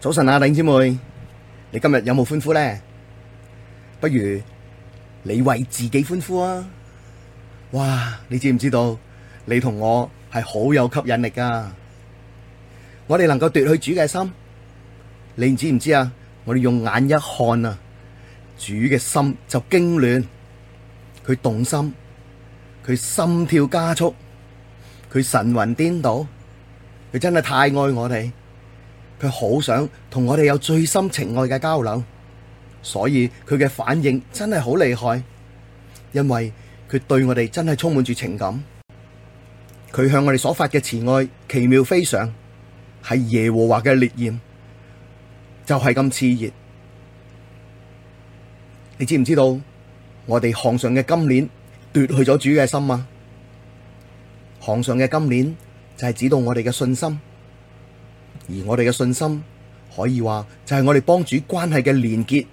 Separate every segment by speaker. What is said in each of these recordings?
Speaker 1: 早晨啊，弟姐妹，你今日有冇歡呼咧？不如你為自己歡呼啊！哇，你知唔知道？你同我係好有吸引力噶。我哋能夠奪去主嘅心，你知唔知啊？我哋用眼一看啊，主嘅心就驚亂，佢動心，佢心跳加速，佢神魂顛倒，佢真係太愛我哋。佢好想同我哋有最深情愛嘅交流，所以佢嘅反應真係好厲害，因為佢對我哋真係充滿住情感。佢向我哋所發嘅慈愛奇妙非常，係耶和華嘅烈焰，就係咁熾熱。你知唔知道我哋項上嘅金鏈奪去咗主嘅心啊？項上嘅金鏈就係指到我哋嘅信心。而我哋嘅信心，可以話就係我哋幫主關係嘅連結，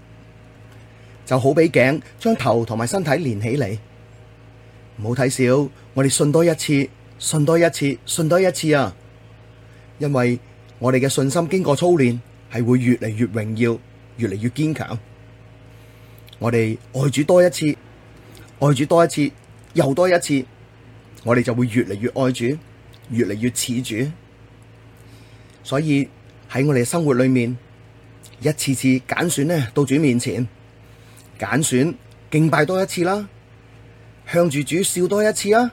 Speaker 1: 就好比頸將頭同埋身體連起嚟。唔好睇少，我哋信多一次，信多一次，信多一次啊！因為我哋嘅信心經過操練，係會越嚟越榮耀，越嚟越堅強。我哋愛主多一次，愛主多一次，又多一次，我哋就會越嚟越愛主，越嚟越似主。所以喺我哋生活裏面，一次次揀選咧到主面前，揀選敬拜多一次啦，向住主笑多一次啊，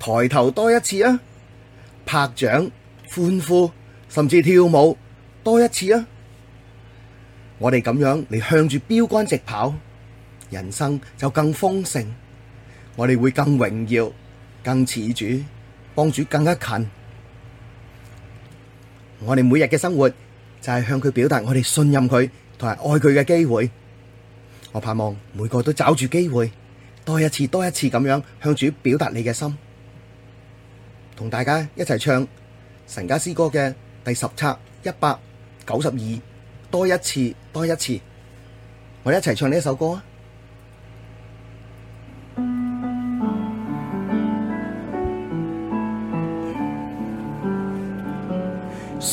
Speaker 1: 抬頭多一次啊，拍掌歡呼，甚至跳舞多一次啊，我哋咁樣嚟，向住標竿直跑，人生就更豐盛，我哋會更榮耀，更似主，幫主更加近。我哋每日嘅生活就係向佢表達我哋信任佢同埋愛佢嘅機會。我盼望每個人都抓住機會，多一次多一次咁樣向主表達你嘅心，同大家一齊唱神家詩歌嘅第十冊一百九十二，多一次多一次，我哋一齊唱呢一首歌啊！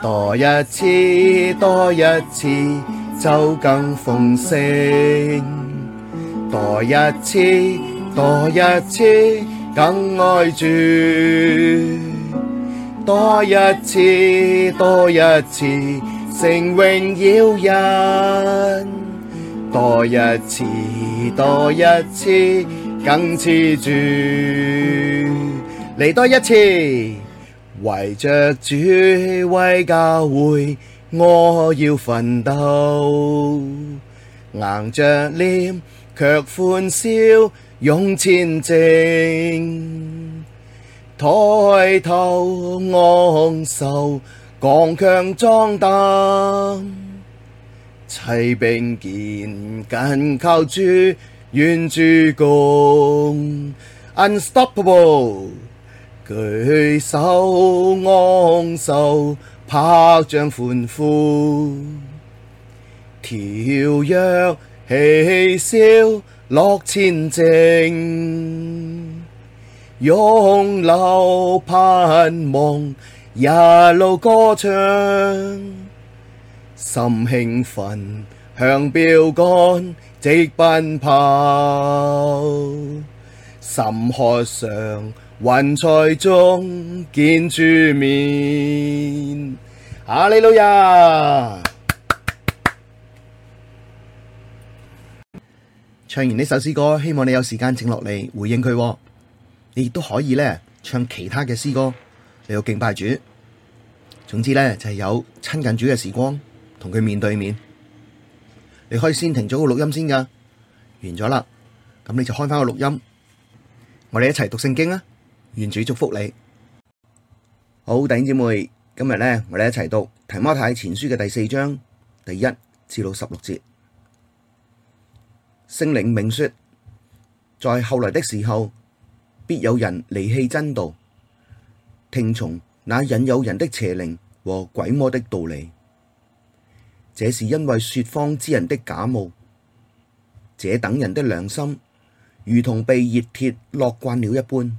Speaker 1: 多一次，多一次，就更豐盛；多一次，多一次，更愛主；多一次，多一次，成榮耀人；多一次，多一次，更似主。嚟多一次。圍為着主為教會，我要奮鬥，硬着臉却歡笑，勇前征，抬頭昂首，剛強壯膽，齊並肩緊靠主完主工 Unstoppable。Un 舉手昂首，拍掌歡呼，跳躍，喜笑樂前征，湧流盼望，一路歌唱，心興奮，向標竿直奔跑，心渴想。雲彩中見主面，哈利路亞！唱完呢首詩歌，希望你有時間靜落嚟回應佢。你亦都可以咧唱其他嘅詩歌嚟到敬拜主。總之咧就係，有親近主嘅時光，同佢面對面。你可以先停咗個錄音先噶，完咗啦，咁你就開返個錄音，我哋一齊讀聖經啊！願主祝福你。好弟兄姊妹，今日呢，我哋一齊讀提摩太前書嘅第四章第一至到十六節。聖靈明說，在後來的時候，必有人離棄真道，聽從那引誘人的邪靈和鬼魔的道理。這是因為說謊之人的假冒，這等人的良心如同被熱鐵烙慣了一般。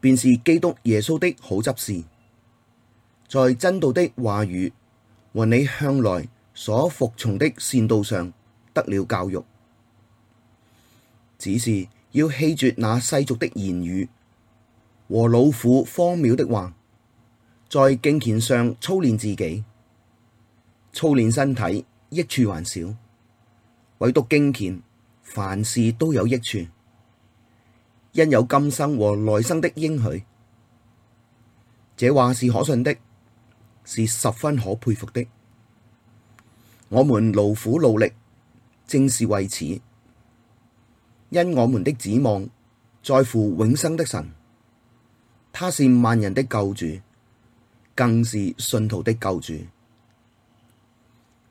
Speaker 1: 便是基督耶穌的好執事，在真道的話語和你向來所服從的善道上得了教育，只是要棄絕那世俗的言語和老婦荒渺的話，在敬虔上操練自己，操練身體，益處還少，唯獨敬虔，凡事都有益處。因有今生和來生的應許，這話是可信的，是十分可佩服的。我們勞苦努力，正是為此。因我們的指望在乎永生的神，他是萬人的救主，更是信徒的救主。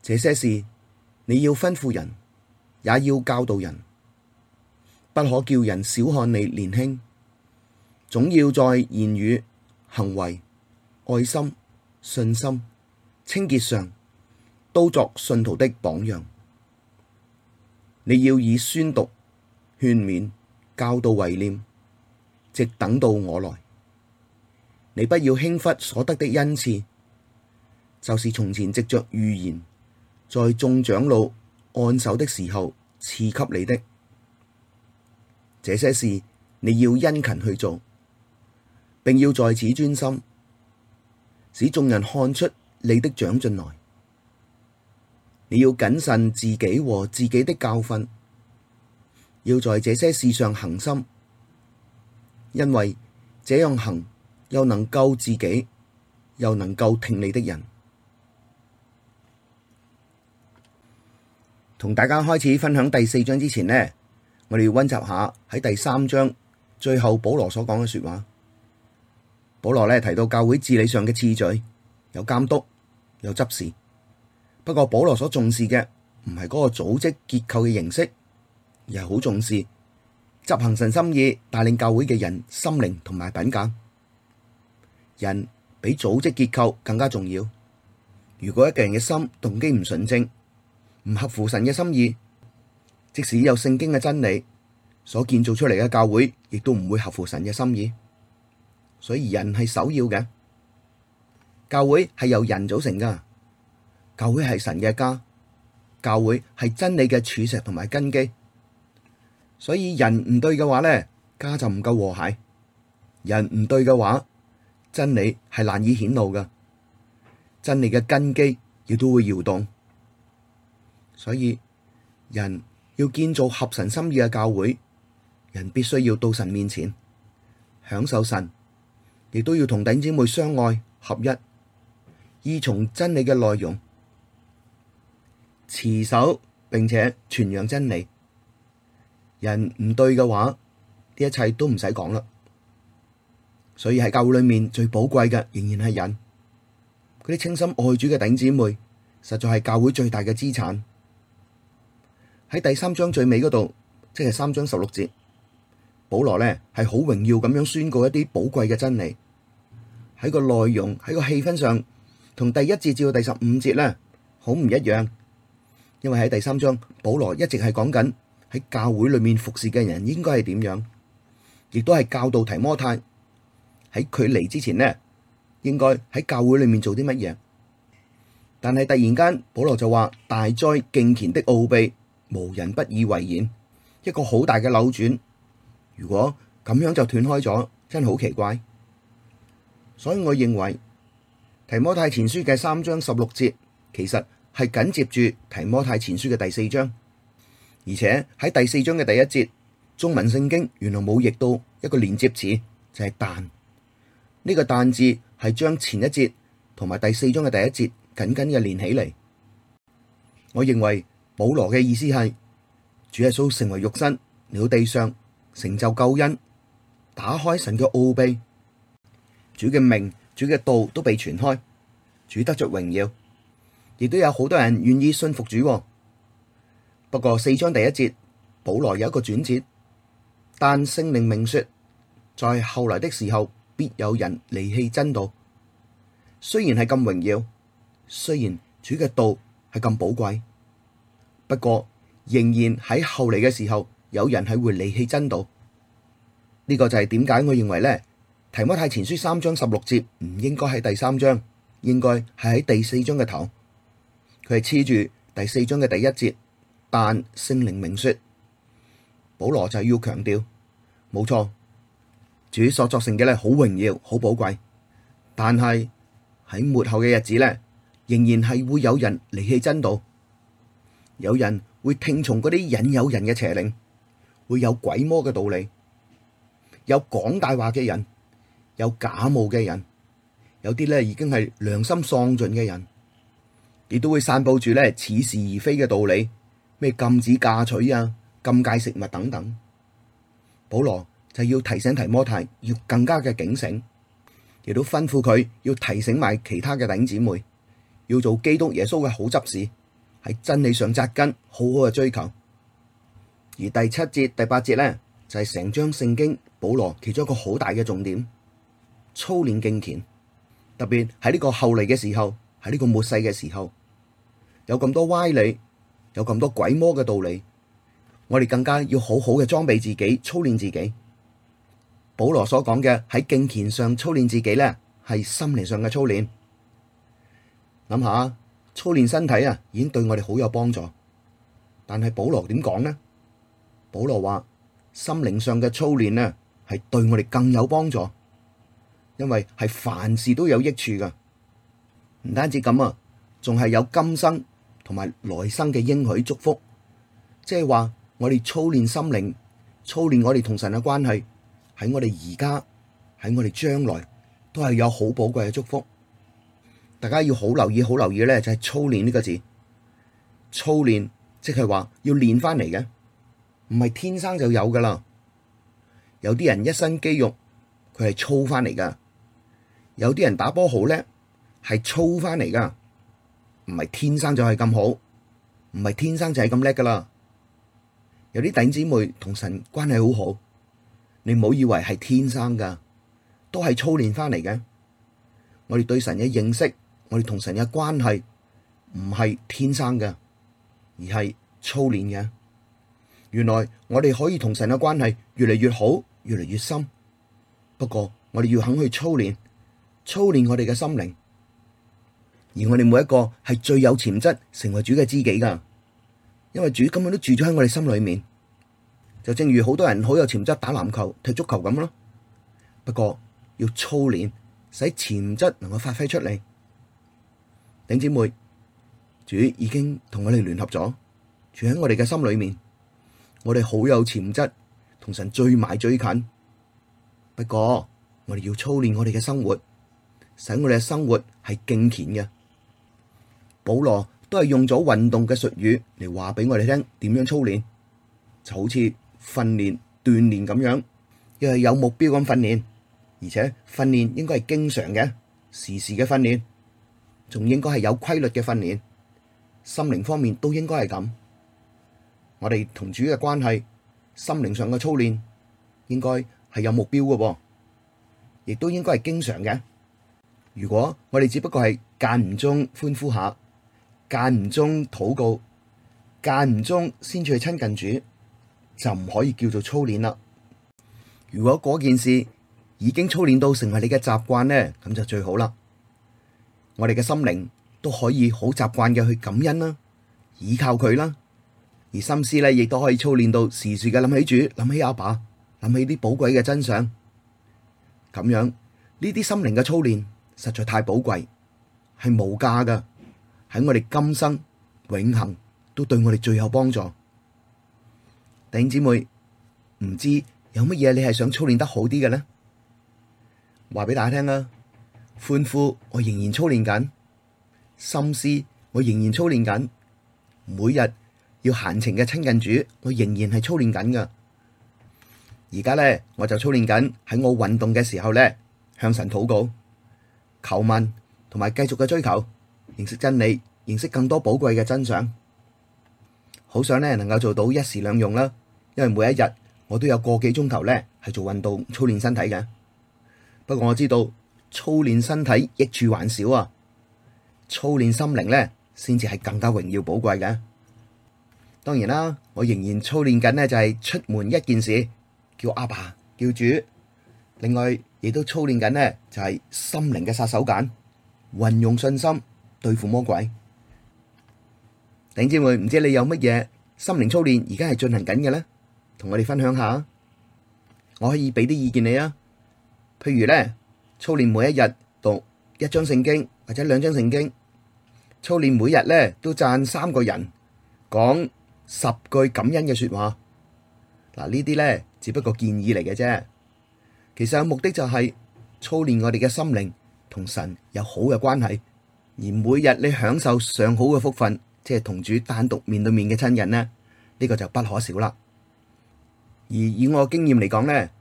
Speaker 1: 這些事你要吩咐人，也要教導人。不可叫人小看你年輕，總要在言語、行為、愛心、信心、清潔上都作信徒的榜樣。你要以宣讀、勸勉、教導為念，直等到我來。你不要輕忽所得的恩賜，就是從前藉着預言，在眾長老按手的時候賜給你的。這些事你要殷勤去做，並要在此專心，使眾人看出你的長進來。你要謹慎自己和自己的教訓，要在這些事上恆心，因為這樣行，又能救自己，又能救聽你的人。同大家開始分享第四章之前呢，我哋要溫習下喺第三章最後保羅所講嘅說話。保羅咧提到教會治理上嘅次序，有監督，有執事。不過保羅所重視嘅唔係嗰個組織結構嘅形式，而係好重視執行神心意帶領教會嘅人心靈同埋品格。人比組織結構更加重要。如果一個人嘅心動機唔純正，唔合乎神嘅心意。即使有聖經嘅真理所建造出嚟嘅教會，亦都唔會合乎神嘅心意。所以人係首要嘅，教會係由人組成噶，教會係神嘅家，教會係真理嘅柱石同埋根基。所以人唔對嘅話咧，家就唔夠和諧；人唔對嘅話，真理係難以顯露噶，真理嘅根基亦都會搖動。所以人。要建造合神心意嘅教會，人必須要到神面前享受神，亦都要同頂姊妹相愛合一，依從真理嘅內容，持守並且傳揚真理。人唔對嘅話，呢一切都唔使講啦。所以喺教會裏面最寶貴嘅，仍然係人。嗰啲清心愛主嘅頂姊妹，實在係教會最大嘅資產。喺第三章最尾嗰度，即係三章十六節，保羅咧係好榮耀咁樣宣告一啲寶貴嘅真理。喺個內容，喺個氣氛上，同第一節至到第十五節咧好唔一樣。因為喺第三章，保羅一直係講緊喺教會裏面服侍嘅人應該係點樣，亦都係教導提摩太喺佢嚟之前呢，應該喺教會裏面做啲乜嘢。但係突然間，保羅就話大哉敬虔的奧秘。無人不以為然，一個好大嘅扭轉。如果咁樣就斷開咗，真係好奇怪。所以我認為提摩太前書嘅三章十六節，其實係緊接住提摩太前書嘅第四章，而且喺第四章嘅第一節，中文聖經原來冇譯到一個連接詞，就係但。呢個但字係將前一節同埋第四章嘅第一節緊緊嘅連起嚟。我認為。保羅嘅意思係，主耶穌成為肉身嚟到地上，成就救恩，打開神嘅奧秘，主嘅命、主嘅道都被傳開，主得着榮耀，亦都有好多人願意信服主。不過四章第一節，保羅有一個轉折，但聖靈明說，在後來的時候，必有人離棄真道。雖然係咁榮耀，雖然主嘅道係咁寶貴。不過，仍然喺後嚟嘅時候，有人係會離棄真道。呢、這個就係點解我認為咧，提摩太前書三章十六節唔應該喺第三章，應該係喺第四章嘅頭。佢係黐住第四章嘅第一節，但聖靈明説，保羅就要強調，冇錯，主所作成嘅咧好榮耀、好寶貴，但係喺末後嘅日子咧，仍然係會有人離棄真道。有人會聽從嗰啲引誘人嘅邪靈，會有鬼魔嘅道理，有講大話嘅人，有假冒嘅人，有啲咧已經係良心喪盡嘅人，亦都會散布住咧似是而非嘅道理，咩禁止嫁娶啊，禁戒食物等等。保羅就要提醒提摩太，要更加嘅警醒，亦都吩咐佢要提醒埋其他嘅弟兄姊妹，要做基督耶穌嘅好執事。喺真理上扎根，好好嘅追求。而第七節、第八節咧，就係成張聖經保羅其中一個好大嘅重點：操練敬虔。特別喺呢個後嚟嘅時候，喺呢個末世嘅時候，有咁多歪理，有咁多鬼魔嘅道理，我哋更加要好好嘅裝備自己，操練自己。保羅所講嘅喺敬虔上操練自己咧，係心靈上嘅操練。諗下。操練身體啊，已經對我哋好有幫助。但係保羅點講呢？保羅話心靈上嘅操練啊，係對我哋更有幫助，因為係凡事都有益處㗎。唔單止咁啊，仲係有今生同埋來生嘅應許祝福。即係話我哋操練心靈，操練我哋同神嘅關係，喺我哋而家，喺我哋將來，都係有好寶貴嘅祝福。大家要好留意，好留意嘅咧，就係操練呢個字。操練即係話要練翻嚟嘅，唔係天生就有噶啦。有啲人一身肌肉，佢係操翻嚟噶；有啲人打波好叻，係操翻嚟噶，唔係天生就係咁好，唔係天生就係咁叻噶啦。有啲弟兄姊妹同神關係好好，你唔好以為係天生噶，都係操練翻嚟嘅。我哋對神嘅認識。我哋同神嘅關係唔係天生嘅，而係操練嘅。原來我哋可以同神嘅關係越嚟越好，越嚟越深。不過我哋要肯去操練，操練我哋嘅心靈。而我哋每一個係最有潛質成為主嘅知己噶，因為主根本都住咗喺我哋心裏面。就正如好多人好有潛質打籃球、踢足球咁咯。不過要操練，使潛質能夠發揮出嚟。頂姐妹，主已經同我哋聯合咗，住喺我哋嘅心裏面，我哋好有潛質同神最埋最近。不過我哋要操練我哋嘅生活，使我哋嘅生活係敬虔嘅。保羅都係用咗運動嘅術語嚟話俾我哋聽，點樣操練就好似訓練、鍛煉咁樣，又係有目標咁訓練，而且訓練應該係經常嘅，時時嘅訓練。仲應該係有規律嘅訓練，心靈方面都應該係咁。我哋同主嘅關係，心靈上嘅操練，應該係有目標嘅，亦都應該係經常嘅。如果我哋只不過係間唔中歡呼下，間唔中禱告，間唔中先至去親近主，就唔可以叫做操練啦。如果嗰件事已經操練到成為你嘅習慣咧，咁就最好啦。我哋嘅心靈都可以好習慣嘅去感恩啦，倚靠佢啦，而心思咧亦都可以操練到時時嘅諗起主，諗起阿爸，爸，諗起啲寶貴嘅真相。咁樣呢啲心靈嘅操練實在太寶貴，係無價噶，喺我哋今生永恒都對我哋最有幫助。弟兄姊妹，唔知有乜嘢你係想操練得好啲嘅咧？話俾大家聽啊！歡呼，我仍然操練緊；心思，我仍然操練緊；每日要閒情嘅親近主，我仍然係操練緊㗎。而家呢，我就操練緊喺我運動嘅時候呢，向神禱告、求問同埋繼續嘅追求，認識真理，認識更多寶貴嘅真相。好想呢，能夠做到一時兩用啦，因為每一日我都有個幾鐘頭呢，係做運動操練身體嘅。不過我知道。操練身體益處還少啊，操練心靈咧，先至係更加榮耀寶貴嘅。當然啦，我仍然操練緊咧，就係出門一件事，叫阿爸，叫主。另外，亦都操練緊咧，就係心靈嘅殺手鐧，運用信心對付魔鬼。頂姐妹，唔知你有乜嘢心靈操練而家係進行緊嘅咧？同我哋分享下，我可以俾啲意見你啊。譬如咧。操練每一日讀一章聖經或者兩章聖經，操練每日咧都讚三個人講十句感恩嘅説話。嗱，呢啲咧只不過建議嚟嘅啫，其實嘅目的就係操練我哋嘅心靈同神有好嘅關係，而每日你享受上好嘅福分，即係同主單獨面對面嘅親人咧，呢、呢個就不可少啦。而以我經驗嚟講咧，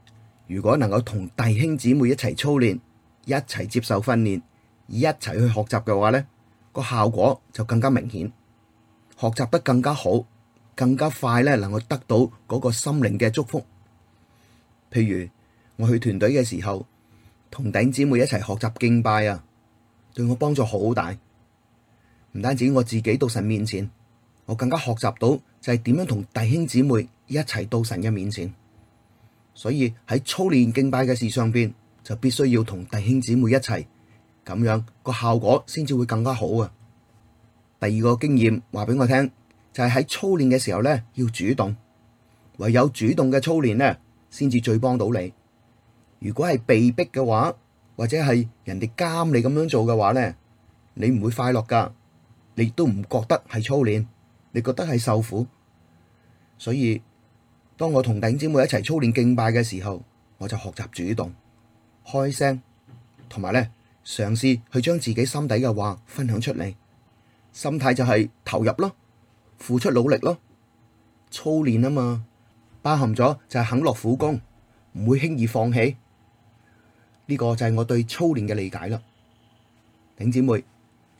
Speaker 1: 如果能夠同弟兄姊妹一齊操練，一齊接受訓練，一齊去學習嘅話呢、呢個效果就更加明顯，學習得更加好、更加快呢能夠得到嗰個心靈嘅祝福。譬如我去團隊嘅時候，同弟兄姊妹一齊學習敬拜啊，對我幫助好大。唔單止我自己到神面前，我更加學習到就係點樣同弟兄姊妹一齊到神嘅面前。所以喺操練敬拜嘅事上邊。就必須要同弟兄姊妹一齊，咁樣個效果先至會更加好啊。第二個經驗話俾我聽，就係喺操練嘅時候咧，要主動，唯有主動嘅操練咧，先至最幫到你。如果係被逼嘅話，或者係人哋監你咁樣做嘅話咧，你唔會快樂噶，你都唔覺得係操練，你覺得係受苦。所以當我同弟兄姊妹一齊操練敬拜嘅時候，我就學習主動。開聲，同埋咧嘗試去將自己心底嘅話分享出嚟。心態就係投入咯，付出努力咯，操練啊嘛，包含咗就係肯落苦功，唔會輕易放棄。呢個就係我對操練嘅理解啦。頂姐妹，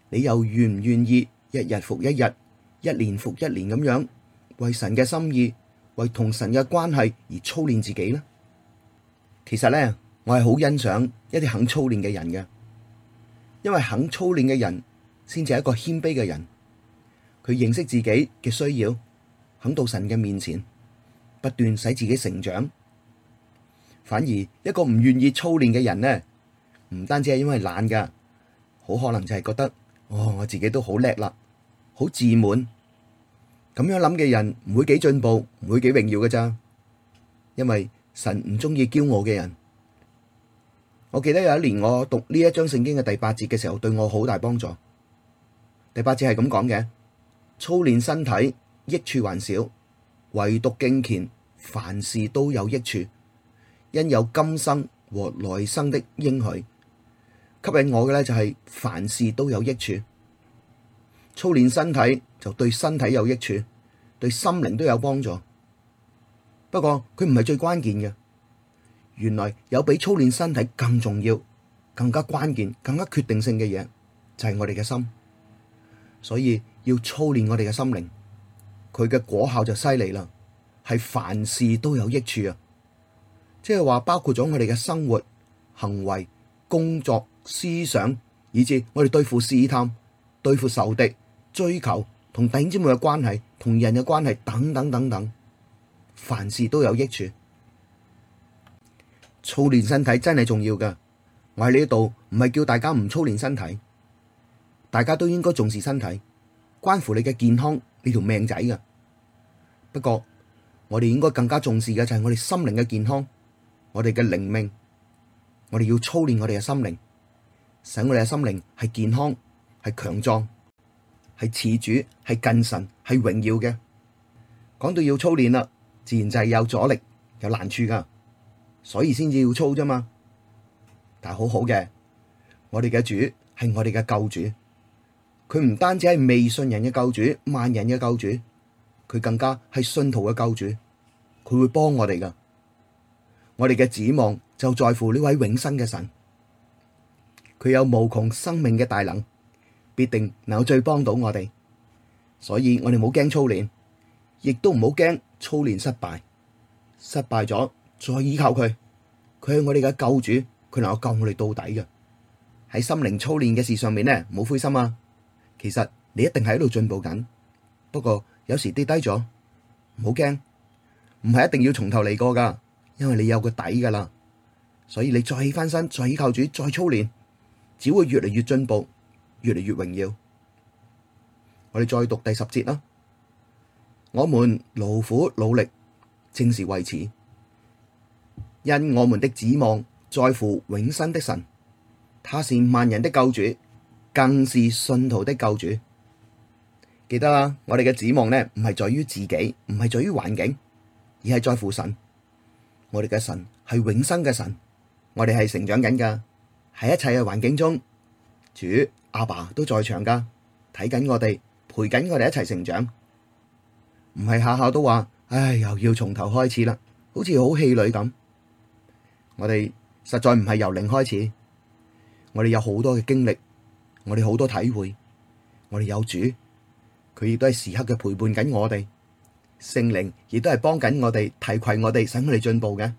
Speaker 1: 你又願唔願意一日復一日、一年復一年咁樣為神嘅心意、為同神嘅關係而操練自己咧？其實咧。我係好欣賞一啲肯操練嘅人嘅，因為肯操練嘅人先至係一個謙卑嘅人。佢認識自己嘅需要，肯到神嘅面前，不斷使自己成長。反而一個唔願意操練嘅人呢，唔單止係因為懶噶，好可能就係覺得哦，我自己都好叻啦，好自滿咁樣諗嘅人唔會幾進步，唔會幾榮耀噶咋，因為神唔中意驕傲嘅人。我記得有一年我讀呢一章聖經嘅第八節嘅時候，對我好大幫助。第八節係咁講嘅：操練身體，益處還少，唯獨敬虔，凡事都有益處。因有今生和來生的應許，吸引我嘅呢就係凡事都有益處。操練身體就對身體有益處，對心靈都有幫助。不過佢唔係最關鍵嘅。原來有比操練身體更重要、更加關鍵、更加決定性嘅嘢，就係我哋嘅心。所以要操練我哋嘅心靈，佢嘅果效就犀利啦，係凡事都有益處啊！即係話包括咗我哋嘅生活、行為、工作、思想，以至我哋對付試探、對付仇敵、追求同弟兄姊妹嘅關係、同人嘅關係等等等等，凡事都有益處。操練身體真係重要噶，我喺呢一度唔係叫大家唔操練身體，大家都應該重視身體，關乎你嘅健康，你條命仔噶。不過我哋應該更加重視嘅就係我哋心靈嘅健康，我哋嘅靈命，我哋要操練我哋嘅心靈，使我哋嘅心靈係健康、係強壯、係侍主、係近神、係榮耀嘅。講到要操練啦，自然就係有阻力、有難處噶。所以先至要操啫嘛，但係好好嘅，我哋嘅主係我哋嘅救主，佢唔單止係未信人嘅救主，萬人嘅救主，佢更加係信徒嘅救主，佢會幫我哋噶。我哋嘅指望就在乎呢位永生嘅神，佢有無窮生命嘅大能，必定能夠最幫到我哋。所以我哋唔好驚操練，亦都唔好驚操練失敗，失敗咗。再依靠佢，佢係我哋嘅救主，佢能夠救我哋到底嘅。喺心靈操練嘅事上面呢，唔好灰心啊！其實你一定係喺度進步緊，不過有時跌低咗，唔好驚，唔係一定要從頭嚟過噶，因為你有個底噶啦，所以你再起翻身，再依靠主，再操練，只會越嚟越進步，越嚟越榮耀。我哋再讀第十節啦，我們勞苦努力，正是為此。因我們的指望在乎永生的神，他是萬人的救主，更是信徒的救主。記得啦，我哋嘅指望呢唔係在於自己，唔係在於環境，而係在乎神。我哋嘅神係永生嘅神，我哋係成長緊噶，喺一切嘅環境中，主阿爸都在場噶，睇緊我哋，陪緊我哋一齊成長，唔係下下都話，唉，又要從頭開始啦，好似好氣餒咁。我哋實在唔係由零開始，我哋有好多嘅經歷，我哋好多體會，我哋有主，佢亦都係時刻嘅陪伴緊我哋，聖靈亦都係幫緊我哋，提攜我哋，使我哋進步嘅。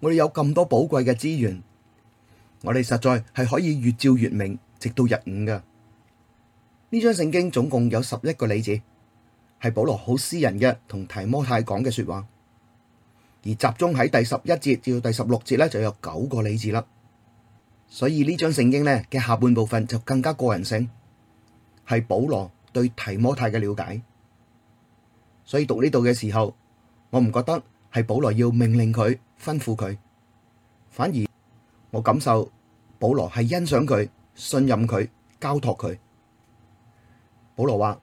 Speaker 1: 我哋有咁多寶貴嘅資源，我哋實在係可以越照越明，直到日午嘅。呢章聖經總共有十一個里字，係保羅好私人嘅同提摩太講嘅說話。而集中喺第十一節至到第十六節咧，就有九個理字啦。所以呢張聖經呢嘅下半部分就更加個人性，係保羅對提摩太嘅了解。所以讀呢度嘅時候，我唔覺得係保羅要命令佢、吩咐佢，反而我感受保羅係欣賞佢、信任佢、交託佢。保羅話：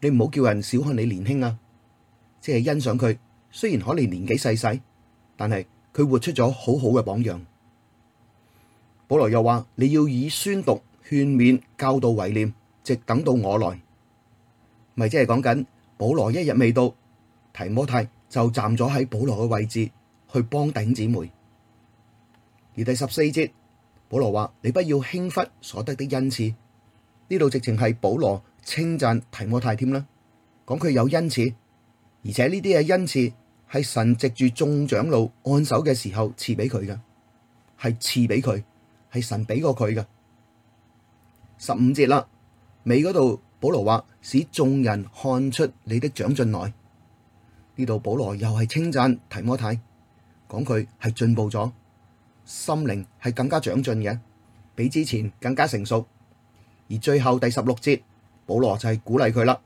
Speaker 1: 你唔好叫人小看你年輕啊，即係欣賞佢。雖然可利年紀細細，但係佢活出咗好好嘅榜樣。保羅又話：你要以宣讀、勸勉、教導為念，直等到我來。咪即係講緊保羅一日未到，提摩太就站咗喺保羅嘅位置去幫頂姊妹。而第十四節保羅話：你不要輕忽所得的恩賜。呢度直情係保羅稱讚提摩太添啦，講佢有恩賜，而且呢啲係恩賜。係神藉住眾長老按手嘅時候賜俾佢嘅，係賜俾佢，係神俾過佢嘅。十五節啦，尾嗰度保羅話使眾人看出你的長進來呢度。保羅又係稱讚提摩太，講佢係進步咗，心靈係更加長進嘅，比之前更加成熟。而最後第十六節，保羅就係鼓勵佢啦，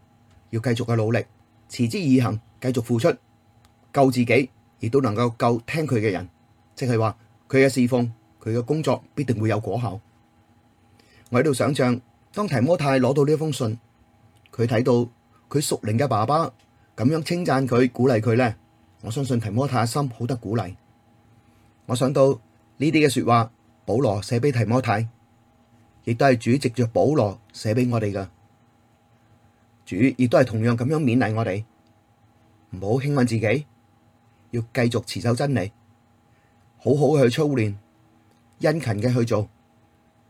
Speaker 1: 要繼續嘅努力，持之以恒，繼續付出。救自己，亦都能夠救聽佢嘅人，即係話佢嘅侍奉，佢嘅工作必定會有果效。我喺度想象，當提摩太攞到呢一封信，佢睇到佢屬靈嘅爸爸咁樣稱讚佢、鼓勵佢咧，我相信提摩太心好得鼓勵。我想到呢啲嘅說話，保羅寫俾提摩太，亦都係主藉著保羅寫俾我哋嘅，主亦都係同樣咁樣勉勵我哋，唔好輕慢自己。要繼續持守真理，好好去操練，殷勤嘅去做，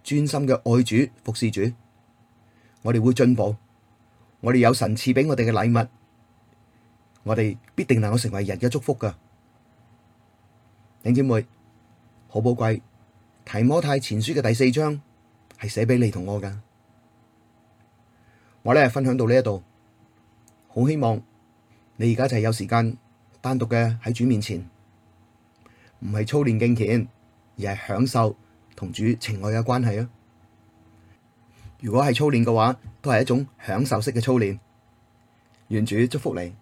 Speaker 1: 專心嘅愛主服侍主，我哋會進步，我哋有神賜俾我哋嘅禮物，我哋必定能夠成為人嘅祝福噶。弟兄姊妹，好寶貴，提摩太前書嘅第四章係寫俾你同我噶，我咧分享到呢一度，好希望你而家就係有時間，單獨嘅喺主面前，唔係操練敬虔，而係享受同主情愛嘅關係啊！如果係操練嘅話，都係一種享受式嘅操練。願主祝福你。